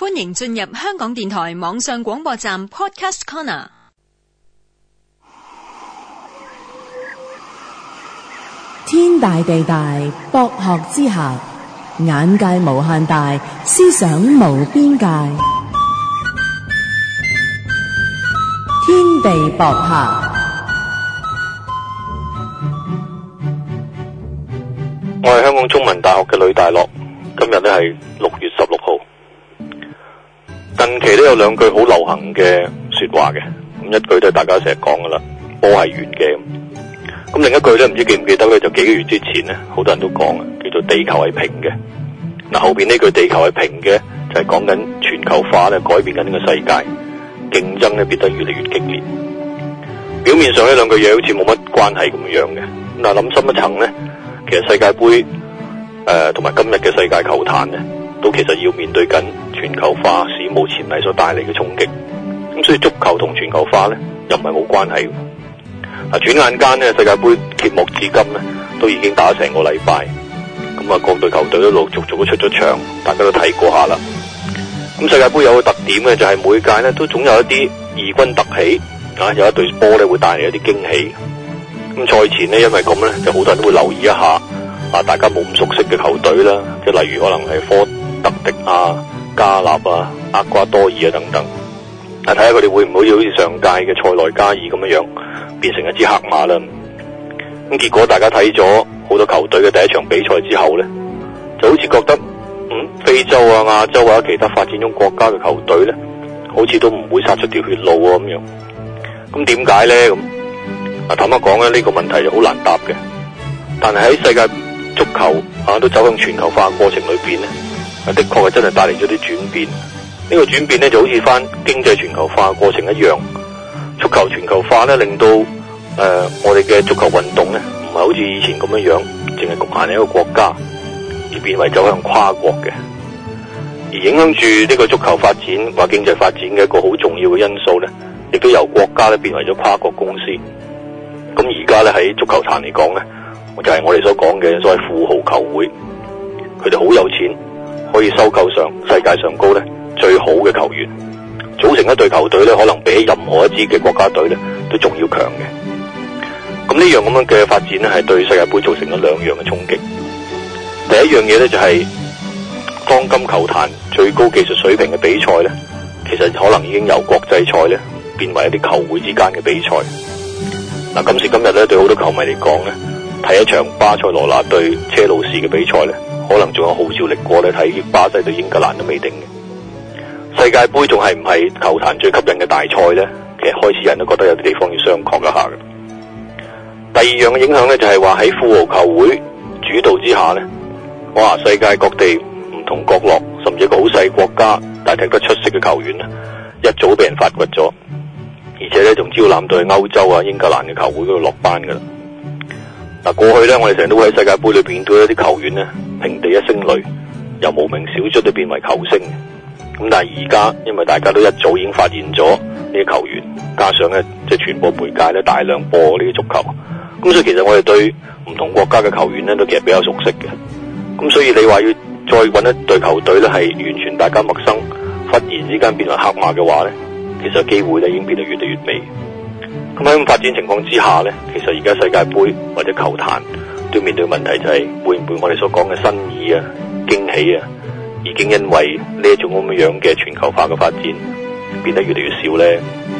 歡迎進入香港電台網上廣播站 Podcast Corner。天大地大，博學之下，眼界無限大，思想無邊界。天地博客，我係香港中文大學嘅呂大樂，今日咧係六月十。近期都有兩句好流行嘅說話嘅，咁一句都係大家成日講噶啦，波係圓嘅。咁另一句咧，唔知道記唔記得咧，就幾個月之前咧，好多人都講啊，叫做地球係平嘅。嗱後邊呢句地球係平嘅，就係講緊全球化咧改變緊呢個世界，競爭咧變得越嚟越激烈。表面上呢兩句嘢好似冇乜關係咁樣嘅，嗱諗深一層咧，其實世界杯誒同埋今日嘅世界球壇咧，都其實要面對緊。全球化史無前例所帶嚟嘅衝擊，咁所以足球同全球化呢，又唔係冇關係。嗱、啊，轉眼間呢，世界杯揭幕至今呢，都已經打成個禮拜，咁啊各隊球隊都陸陸續續都出咗場，大家都睇過一下啦。咁世界杯有個特點呢，就係、是、每屆呢都總有一啲異軍突起啊，有一隊波呢會帶嚟一啲驚喜。咁賽前呢，因為咁呢，就好多人都會留意一下啊，大家冇咁熟悉嘅球隊啦，即例如可能係科特迪亞。加納啊、厄、啊、瓜、啊、多爾啊等等，啊睇下佢哋會唔會好似上屆嘅塞內加爾咁樣樣，變成一支黑馬啦？咁、啊、結果大家睇咗好多球隊嘅第一場比賽之後呢，就好似覺得，嗯，非洲啊、亞洲啊，或者其他發展中國家嘅球隊呢，好似都唔會殺出條血路啊。咁樣。咁點解呢？咁啊，坦白講咧，呢、呢個問題就好難答嘅。但係喺世界足球啊都走向全球化嘅過程裏邊咧。啊，的確係真係帶嚟咗啲轉變。呢、這個轉變咧就好似翻經濟全球化過程一樣，足球全球化咧令到誒、呃、我哋嘅足球運動咧唔係好似以前咁樣樣，淨係局限喺一個國家，而變為走向跨國嘅。而影響住呢個足球發展或經濟發展嘅一個好重要嘅因素咧，亦都由國家咧變為咗跨國公司。咁而家咧喺足球壇嚟講咧，就係、是、我哋所講嘅所謂富豪球會，佢哋好有錢。可以收購上世界上高咧最好嘅球員，組成一隊球隊咧，可能比任何一支嘅國家隊咧都仲要強嘅。咁呢樣咁樣嘅發展咧，係對世界杯造成咗兩樣嘅衝擊。第一樣嘢咧就係、是、當今球壇最高技術水平嘅比賽咧，其實可能已經由國際賽咧變為一啲球會之間嘅比賽。嗱，今時今日咧，對好多球迷嚟講咧，睇一場巴塞羅那對車路士嘅比賽咧。可能仲有好少力過咧，睇巴西對英格蘭都未定嘅世界盃，仲係唔係球壇最吸引嘅大賽呢？其實開始人都覺得有啲地方要商榷一下嘅。第二樣嘅影響呢，就係話喺富豪球會主導之下呢，哇！世界各地唔同角落，甚至一個好細國家，但係踢得出色嘅球員咧，一早被人發掘咗，而且呢，仲招攬到去歐洲啊、英格蘭嘅球會嗰度落班噶啦。嗱，過去咧，我哋成日都會喺世界杯裏邊對一啲球員咧，平地一聲雷，由無名小卒都變為球星。咁但係而家，因為大家都一早已經發現咗呢啲球員，加上咧即係傳播媒介咧大量播呢啲足球，咁所以其實我哋對唔同國家嘅球員咧都其實比較熟悉嘅。咁所以你話要再搵一隊球隊咧係完全大家陌生，忽然之間變為黑馬嘅話咧，其實機會咧已經變得越嚟越微。喺咁發展情況之下呢，其實而家世界杯或者球壇，都面對問題，就係會唔會我哋所講嘅新意啊、驚喜啊，已經因為呢一種咁樣嘅全球化嘅發展，變得越嚟越少呢？